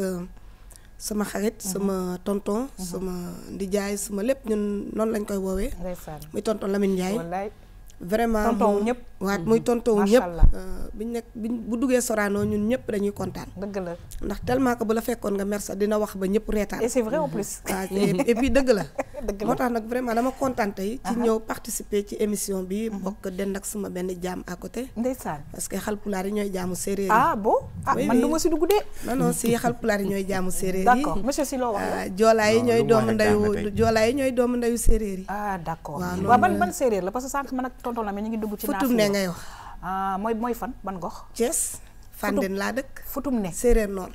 sama xarit mhm. sama tonton sama jaay suma lépp ñun noonu lañ koy woowee muy tonton Lamine Ndiaye vraiment tonton ñëpp waat muy mhm. tonton ñëpp euh, biñ nek bu duggee Sorano ñun ñëpp dañuy kontaan dëgg la ndax tellement que bu la fekkoon nga mer dina wax ba ñëpp reetaan et c'est vrai en plus et puis dëgg la dëgg la vraiment dama kontaan tey ci ñëw participer ci émission bi mhm. bokk den ak sama benn jaam à côté ndeysaan parce que xal pulaar yi ñooy jaamu ah bon ah man duma si dugg de non non si xal pulaar yi ñooy jaamu d'accord monsieur si wax euh, joolaa yi ñooy ndayu joolaa yi ñooy ndayu ah d'accord ban ban la parce que man tonton Lamine ñu ngi dugg ci. naaf futum ne ngay wax. Ah, mooy mooy fan ban gox. Thiès. Fandène laa dëkk. futum ne séeréer noonu.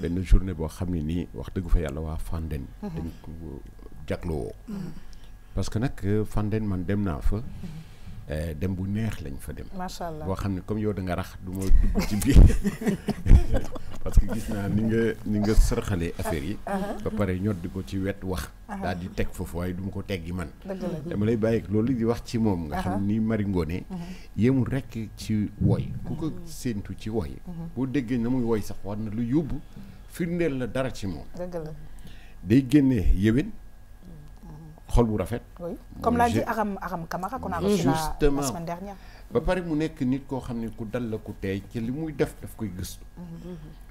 benn journée boo xam ne nii wax dëgg fa yàlla waa Fandène mhm. dañ ko jagloo mhm. parce que nag euh, Fandène man dem naa fa mhm. euh, dem bu neex lañ fa dem. macha allah boo xam ne comme yow da nga rax du mooy dugg ci biir parce que gis naa ni nga ni nga sërxalee affaire yi. Ah, ah. ba pare ñod di ko ci wet wax. Ah, daal di teg foofu waaye duma ko teggi man. dama lay bàyyi loolu di wax ci moom. nga xam ni Marie Ngoné mm-hmm. yemul rek ci woy ku ko mm-hmm. séentu ci woy. Mm-hmm. boo déggee na muy woy sax war na lu yóbbu firndeel la dara ci moom. dëgg la day génne yéwén. xol bu rafet. comme laa ji Aram Aram Camara qu'on a ba pare mu nekk nit koo xam ne ku dal la ku teey ci li muy def daf koy gëstu.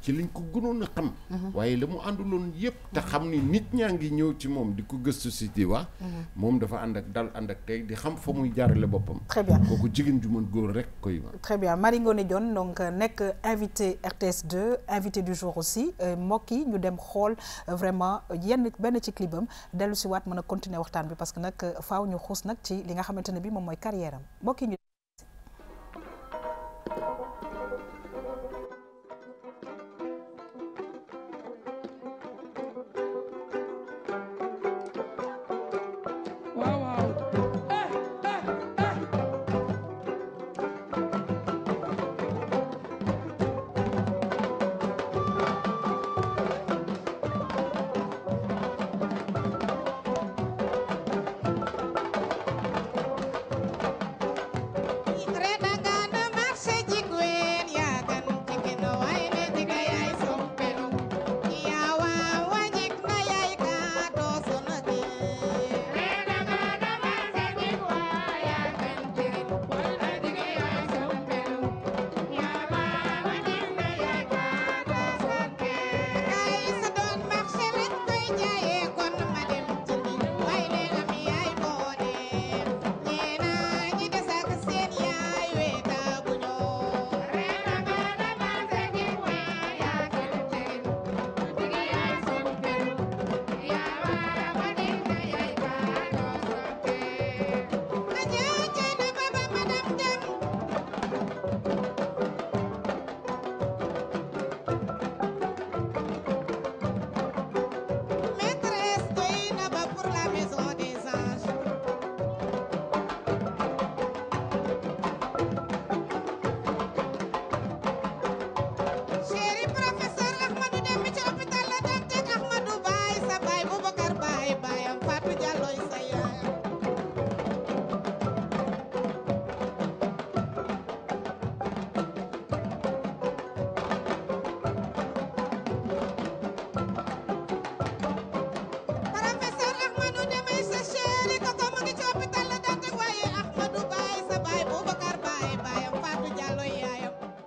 ci liñ ko gënoon a xam. Mhm. waaye la mu ànduloon yëpp. te xam ni nit ñaa ngi ñëw ci moom di ko gëstu si di wax. Mhm. moom dafa ànd ak dal ànd ak tey di xam fa muy jaarale boppam. très bien kooku jigéen ju mën góor rek koy wax. très bien Marie Ngoné Dione donc nekk invité RTS 2 invité du jour aussi euh, mbokk yi ñu dem xool euh, vraiment yenn benn ci clipam dellu si waat mën a continuer waxtaan bi parce que nag euh, faaw ñu xuus nag ci li nga xamante ne bi moom mooy carrière am ñu.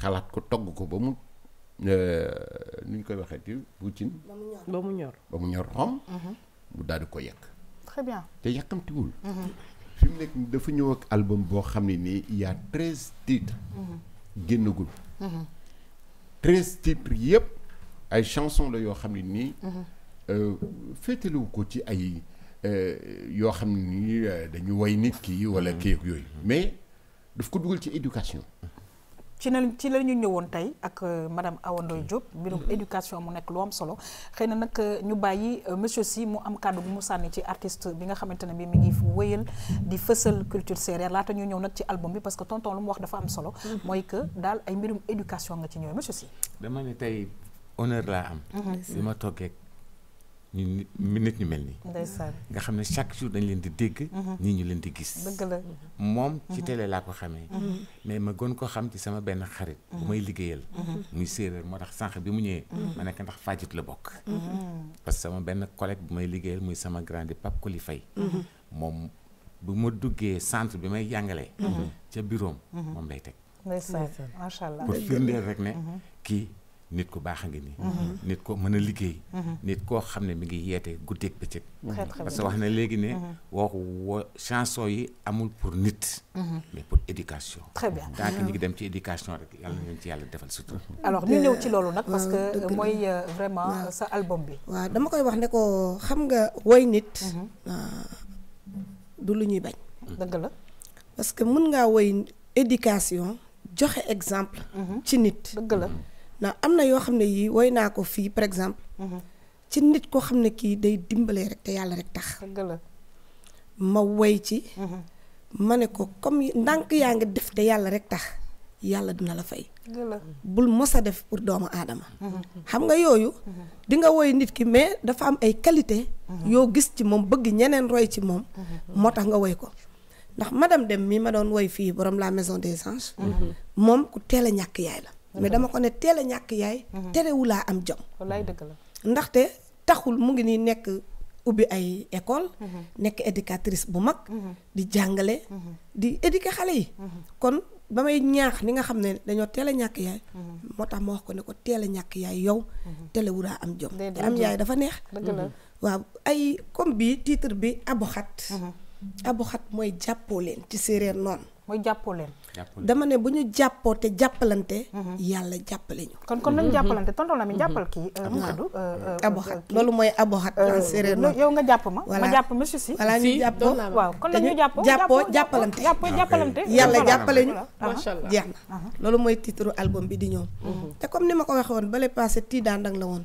xalaat ko togg ko ba mu euh, nu ñu koy waxee ci buutin ba mu ñor ba mu ñor xom mhm. mu daal di ko yekk très bien te yàkkamtiwul mhm. fi mu nekk dafa ñëw ak album boo xam ne nii il y a treize titres mhm. génnagul treize titres yëpp ay chansons la yoo xam ne nii euh, féetalewu ko ci ay euh, yoo xam ne nii dañu way nit kii wala kii ak yooyu mais daf ko dugal ci éducation ci la ñu ñëwoon tey ak euh, madame Awa Ndoye Diop mbirum mm-hmm. éducation mu nekk lu am solo xëy na nag euh, ñu bàyyi euh, monsieur si mu am kàddu bu mu sànni ci artiste bi nga xamante ne bi mi ngi wéyal di fësal culture séeréer laata ñu ñëw nag ci album bi parce que tonton lu mu wax dafa am solo mm-hmm. mooy que daal ay mbirum éducation nga ci ñëwee monsieur si. dama ne tey honneur laa am mm-hmm. bi ma toggee ñu nit ñu mel nii. ndeysaan nga xam ne chaque jour dañ leen di dégg. ñii mhm. ñu leen di gis. dëgg la moom mhm. ci tele laa ko xamee. Mhm. mais ma gën ko xam ci sama benn xarit. bu may liggéeyal. muy séeréer moo tax sànq bi mu ñëwee. ma nekk ndax fajit la bokk. parce que sama benn collègue bu may liggéeyal muy sama grand di Pape Koli Faye moom bu ma duggee centre bi may jàngale ca bureau moom lay teg. ndeysaan macha allah pour firndeel rek ne kii. nit mm-hmm. nit ko a mm-hmm. nit parce que ne. Mm-hmm. chanson yi amul pour mais pour éducation. très bien que ngi dem ci éducation alors nous ñëw ci parce que mooy euh, vraiment sa album bi. waaw dama koy wax ne ko xam nga woy euh, parce que mën ngaa éducation joxe exemple. ci nit ndax am na yoo xam ne yii woy naa ko fii par exemple. Mhm. ci nit koo xam ne kii day dimbalee rek te yàlla rek tax. ma woy ci. Mhm. ma ne ko comme ndànk yaa ngi def te yàlla rek tax yàlla dina la fay. bul mos a def pour doomu aadama. Mhm. xam nga yooyu. di nga woy nit ki mais dafa am ay qualité. yoo gis ci moom bëgg ñeneen roy ci moom. moo tax nga woy ko. ndax dem Deme mii ma doon woy fii borom la maison des anges. moom ku teel ñàkk yaay la. mais dama ko ne teel a ñàkk yaay. Mhm. terewulaa am jom. wallaay dëgg la ndaxte taxul mu ngi nii nekk ubbi ay école. Mhm. nekk éducatrice bu mag. Mhm. di jàngale. di éduquer xale yi. kon ba may ñaax ni nga xam ne dañoo teel ñàkk yaay. moo tax ma wax ko ne ko teel a ñàkk yaay yow. terewulaa am jom. te am yaay dafa neex. dëgg la waaw ay comme bii titre bi abu xat. abu xat mooy jàppoo leen ci séeréer noonu. Moy jàppoo leen dama ne buñu ñu jàppoo te jàppalante mhm. ñu kon kon nañ mhm. jàppalante tonto la mi jappal ki mu Abohat. aboxat Moy Abohat. aboxat en séeréer noonu yow nga jàpp ma ma jàpp monsieur si wala ñu jàpp waaw kon lañu jàpp jàppoo jàppalante jàppoo jàppalante yalla jàppale ñu jeex na lolu moy titre album bi di ñëw mhm. te comme nima ma ko waxee woon bale passé dang la won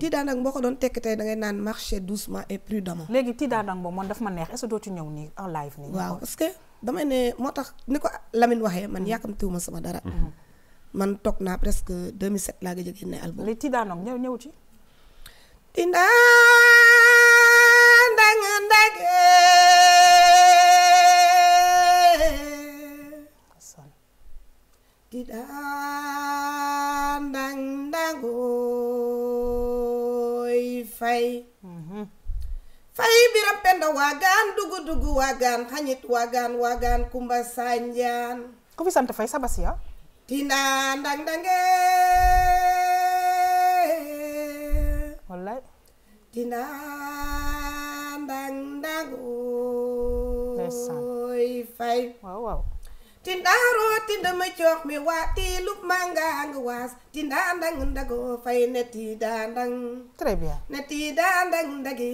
tidan boo boko don tek tay da ngay naan marcher doucement et prudemment tidan dang bo mon daf ma neex est-ce do ci ñew ni en live ni waaw parce que damay ne moo tax ni ko Lamine waxee man yàkkamtiwuma sama dara. Mhm. man toog naa presque 2007 laa gëj a génne album. li Tidaanong ñëw ñëw ci. Tindaan danga ndage. Tindaan dang dangoy fay. fay biram penda waagaan dugu dugu waagaan xañit waagaan waagaan kumba sanjaan ku fi sant fay sabas ya ah? tindaa ndang ndange wallaay tindaa ndang ndang ooy fay waaw waaw tindaaroo tindama coox mi waa tiilub mangaang waas tindaandang ndago fay ne tiidaandang très bien ne tiidaandang ndagi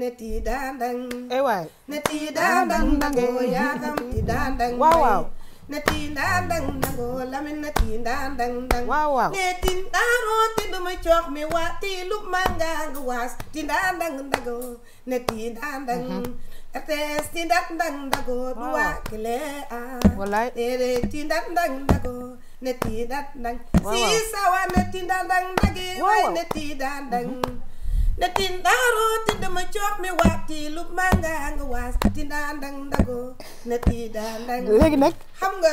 ne tiidaandang eh waay ne tiidaandang ndago yaadam tiidaandang waaw waaw ne tiidaandang ndago lamin ne tiidaandang ndang waaw waaw ne tindaaroo tindama coox mi waa tiilub mangaang waas tindaandang ndago ne tiidaandang mm-hmm. kates ci ndak ndak ndago du waakile a wallaay ere ci ndak ndak ndago ne ti ndak ndak si sawa ne ti ndak ndak ndagi way ne ti ndak mm-hmm. ti dama coox mi waat ti lu manga nga waas ti ndak ndak ndago ne ti ndak ndak léegi nag xam nga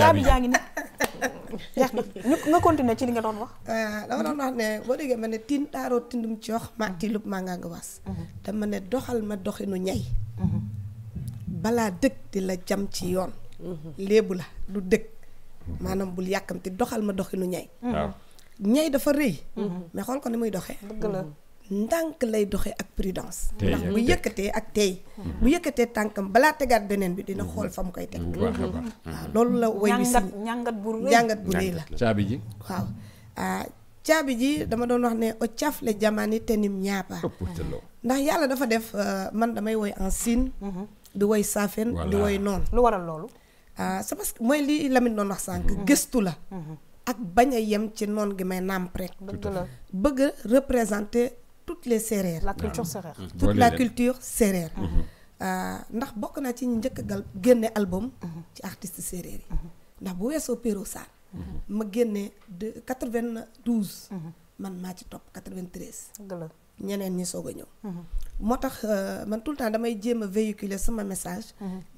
caabi jaa ngi ni jeex na ñu nga continuer ci li nga doon wax euh, dama doon wax ne boo déggee ma ne tin daaroo tindum coox ma mhm. tilub maa ngaa nga was dama mhm. ne doxal ma doxinu ñay mhm. balaa dëkk di la jam ci yoon léebu la du dëkk maanaam bul yàkkamti doxal ma doxinu ñay ñay dafa rëy mais xool ko ni muy doxee ndànk lay doxee ak prudence. ndax bu ak tey. Mhm. bu yëkkatee tànkam balaa tegaat beneen bi dina xool fa mu koy teg. Mhm. la. Mhm. woy bi si bu rëy ñàngat bu rëy la. caabi ji waaw ah, caabi ji dama doon wax ne o caafle jamaani te nim ñaapa. ndax yàlla dafa def euh, man damay woy en siin. di woy saafen di woy noonu. lu waral loolu. Ah, c'est parce que mooy li Lamine doon wax sànq. gëstu la. ak bañ a yem ci noon gi may nàmp rek. bëgg a représenter. toutes les séeréer. la culture séeréer. Mmh. toute la culture séeréer. Mmh. Euh, ndax bokk naa ci njëkk gal génne album. ci artiste séeréer yi. Mmh. ndax bu weesoo Pero Sarr. ma génne de 92. man maa ci topp 93. ñeneen ñi soog a ñëw. moo tax euh, man tout le temps damay jéem a véhiculer sama message.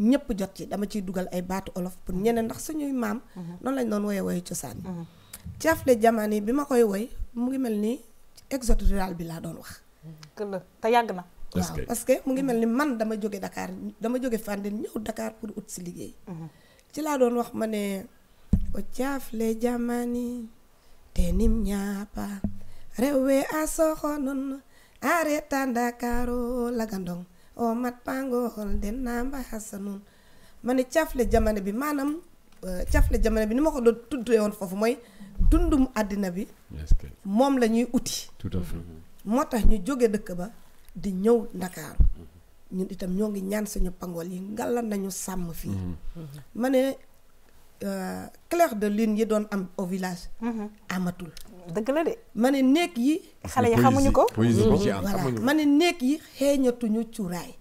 ñëpp jot ci dama ciy dugal ay baatu olof pour ñeneen ndax suñuy maam. noonu lañ doon woyee woy cosaan. caafle jamaan yi bi ma koy woy mu ngi mel ni. exode rural bi laa doon wax. te yàgg na. waaw parce que mu ngi mel ni man dama jóge Dakar dama jóge Fandène ñëw Dakar pour ut si liggéey. Mhm. ci laa doon wax ma ne. o caafle jamani tenim ñaapa rewɓe asohonon areta dakaro lagandon o mat pangol den namba hasanun mane caafle jamane bi maanaam cafle euh, jamono bi ni ma ko doon tudde woon foofu mooy dundum àddina bi moom la ñuy uti mm-hmm. moo tax ñu jóge dëkk ba di ñëw ndakaaru mm-hmm. ñun itam ñoo ngi ñaan suñu pangool yi ngala nañu sàmm fii mm-hmm. ma ne euh, clair de lune yi doon am au village amatul dëgg la de. ma ne néeg yi. xale yi xamuñu ko ma ne néeg yi xeeñatuñu cuuraay.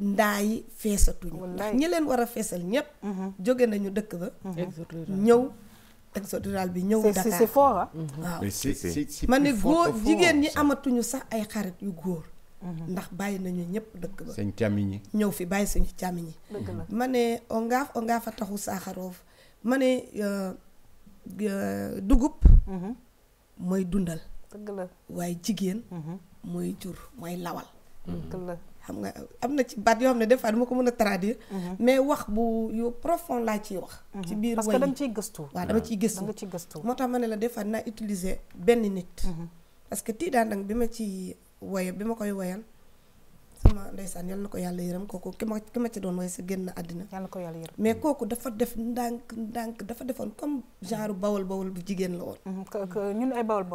ndaa yi feesatuñu. ndax ñi leen war a feesal ñëpp. Mhm. jóge nañu dëkk ba. Mhm. ñëw exode rural bi ñëw. Dakar c'est fort ma ne góor jigéen ñi amatuñu sax ay xarit yu góor. Mhm. ndax bàyyi nañu ñëpp dëkk ba. seen càmmiñ ñëw fi bàyyi suñu càmmiñ yi. dëgg la ma ne ongaaf taxu saaxaroof mane euh, euh, dugub. mooy dundal. tëgg la waaye jigéen. Mhm. mooy jur mooy lawal. la mhm. xam nga am na ci baat yoo xam ne des fois ko mën a traduire. Mhm. mais wax bu yu profond laa ciy wax. ci biir parce que dama ciy gëstu. waaw dama ciy gëstu dama ciy gëstu. moo tax ma ne la des fois naa utiliser benn nit. parce que tiidaandang bi ma ci woye bi ma koy woyal. sama ndeysaan yal na ko yàlla yërëm kooku ki ma ki ma ci doon mooy sa génn àddina. yal na ko yàlla yërëm mais kooku dafa def ndànk ndànk dafa defoon comme genre bawol bawol bu jigéen la woon. Mm-hmm. ñun ay bawol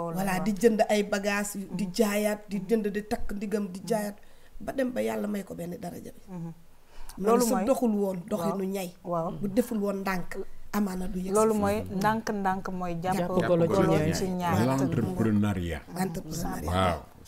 di jënd ay bagages. Mm-hmm. di jaayaat di jënd di takk ndigam di mm-hmm. jaayaat ba dem ba yàlla may ko benn daraja bi. loolu mooy su doxul woon doxinu ñay. waaw bu deful woon ndànk. amaana du yegg loolu mooy ndànk ndànk mooy. jàpp golo ci ñaar entrepreneuriat waaw.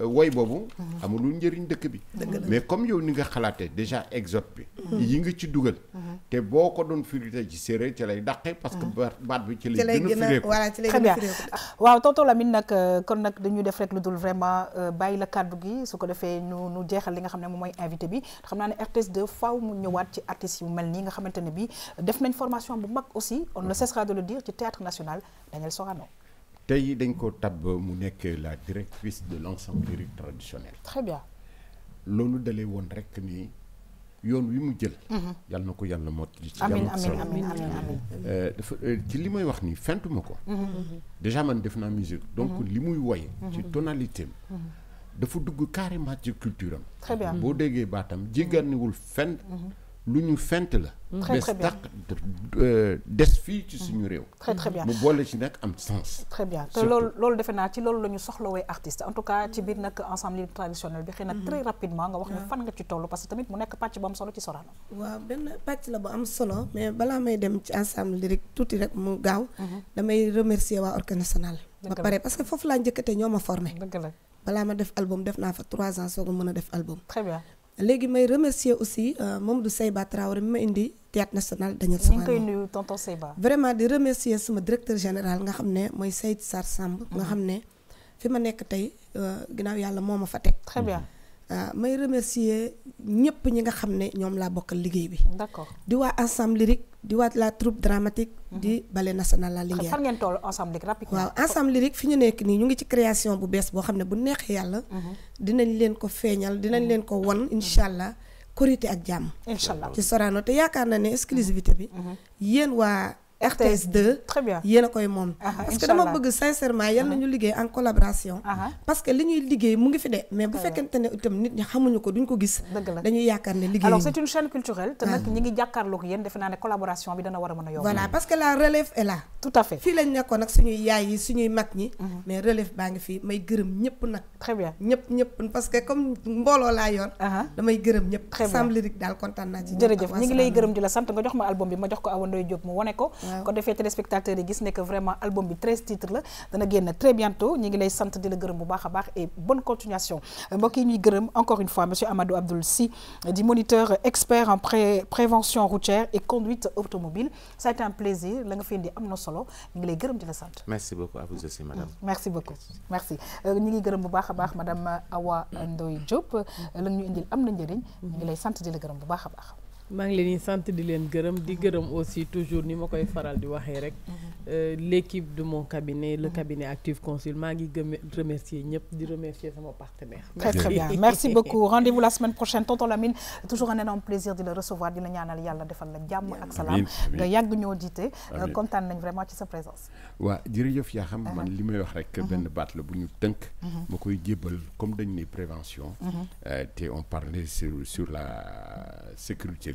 Euh, woy boobu mhm. amulul mais comme yow ni nga déjà exode mhm. yi nga ci dugal mhm. te boo doon ci séeréer parce que baat bi ci très bien ah, tonton euh, kon dañu def vraiment euh, la gi su ko ñu invité bi RTS2 faaw mu ñëwaat ci yu mel nga formation aussi on ne cessera de le dire ci théâtre national Daniel Sorano tey dañ ko tabb mu nekk la directrice de l'ensemble lyrique traditionnel. très bien. L'onu dalee woon rek ni yoon wi mu mhm. yal yàlla na Amin amin amin amin. amiin amiin amiin dafa euh, ci li wax nii fentuma mhm. déjà man def musique. donc mhm. li muy woy. ci tonalité am dafa dugg carrément ci culture très bien boo déggee baatam jéggaaniwul fenn lu ñu fent la. très très bien euh, des fi ci suñu réew. très très bien mu boole ci nak am sens. très bien te loolu loolu defe na ci loolu lañu soxlo way artiste en tout cas ci biir nak ensemble traditionnel bi xëy mhm. très rapidement nga wax ñu fan nga ci tollu parce que tamit mu nekk patch bu am solo ci Sorano. waaw benn patch la bu am solo mais bala may dem ci ensemble lyrique touti rek mu gaaw. Mhm. damay remercier wa Orchestre National. ba paré parce que fofu la njëkkatee ñoma formé. dëgg la bala ma def album def na fa 3 ans soog mëna def album. très bien. léegi may remercier aussi euh, Mamadou Seyba Traoré mi ma indi théâtre national Daniel Soumane ñu koy nuyu tonton Seyba vraiment di remercier sama directeur général nga xam ne mooy Seydou Sarr Samb nga mhm. xam ne fi ma nekk tey euh, ginnaaw yàlla moo ma fa teg très Euh, may remercier ñepp ñi nga xam ñom la laa bokkal liggéey bi. d'accord di wa ensemble lyrique di wa la troupe dramatique. Mhm. di ballet national la Linguère. fan ngeen tol ensemble lyrique rapidement. waaw ensemble lyrique fi ñu nekk ni ñu ngi ci création bu bees boo xam ne bu neexee yàlla. Mhm. dinañ leen ko feñal dinañ mhm. leen ko won incha allah korité ak jam inshallah allah ci Sorano te yaakaar na ne exclusivité bi. yéen wa RTS2 très bien yéen a koy moom parce que dama bëgg sincèrement yal nañu liggéey en collaboration parce que li ñuy liggéey mu ngi fi de mais bu fekkente ne itam nit ñi xamuñu ko duñ ko gis dañuy yaakaar ne liggéey alors c'est une chaîne culturelle te ah. nag ñi ngi jàkkaarloog yéen defe naa ne collaboration bi dana war wara mën a voilà parce que la relève est là tout à fait fii lañ nekkoon nag suñuy yaay yi suñuy mag mhm. mais relève baa ngi fii may gërëm ñëpp très bien ñëpp ñëpp parce que comme mbooloo laa yor damay gërëm ñëpp bien. lyrique daal kontaan naa ci jërëjëf ñi ngi lay gërëm di la sant nga jox ma album bi ma jox ko Awa Ndoye Diop mu wone ko ko defee téléspectateurs yi gis n'est que vraiment album de 13 titres la dana très bientôt ñu ngi lay de di la et bonne continuation mbokk yi gërëm encore une fois monsieur Amadou Abdoul Sy di moniteur expert en prévention routière et conduite automobile ça a été un plaisir la nga fi indi am solo ñu lay la sante merci beaucoup à vous aussi madame. merci beaucoup merci euh, ñu ngi gërëm bu madame Awa Ndoye Diop euh, la ñu indil am les njëriñ de ngi lay sant di la gërëm bu maa ngi leen di sant di leen gërëm di gërëm aussi toujours ni ma koy faral di waxee rek mhm. euh, l'équipe de mon cabinet le cabinet Active Consul maa ngi remercier ñëpp di remercier sama partenaire. très très bien merci beaucoup rendez-vous la semaine prochaine tonton Lamine toujours un énorme plaisir di la recevoir di la ñaanal yàlla defal la jàmm ak salaam nga yàgg ñoo jiite euh, kontaan nañ vraiment ci sa présence waaw jërëjëf yaa xam uh-huh. man li may wax rek benn uh-huh. baat la bu ñu tënk uh-huh. ma koy jébbal comme dañ ne prévention euh, te on parlait sur sur la sécurité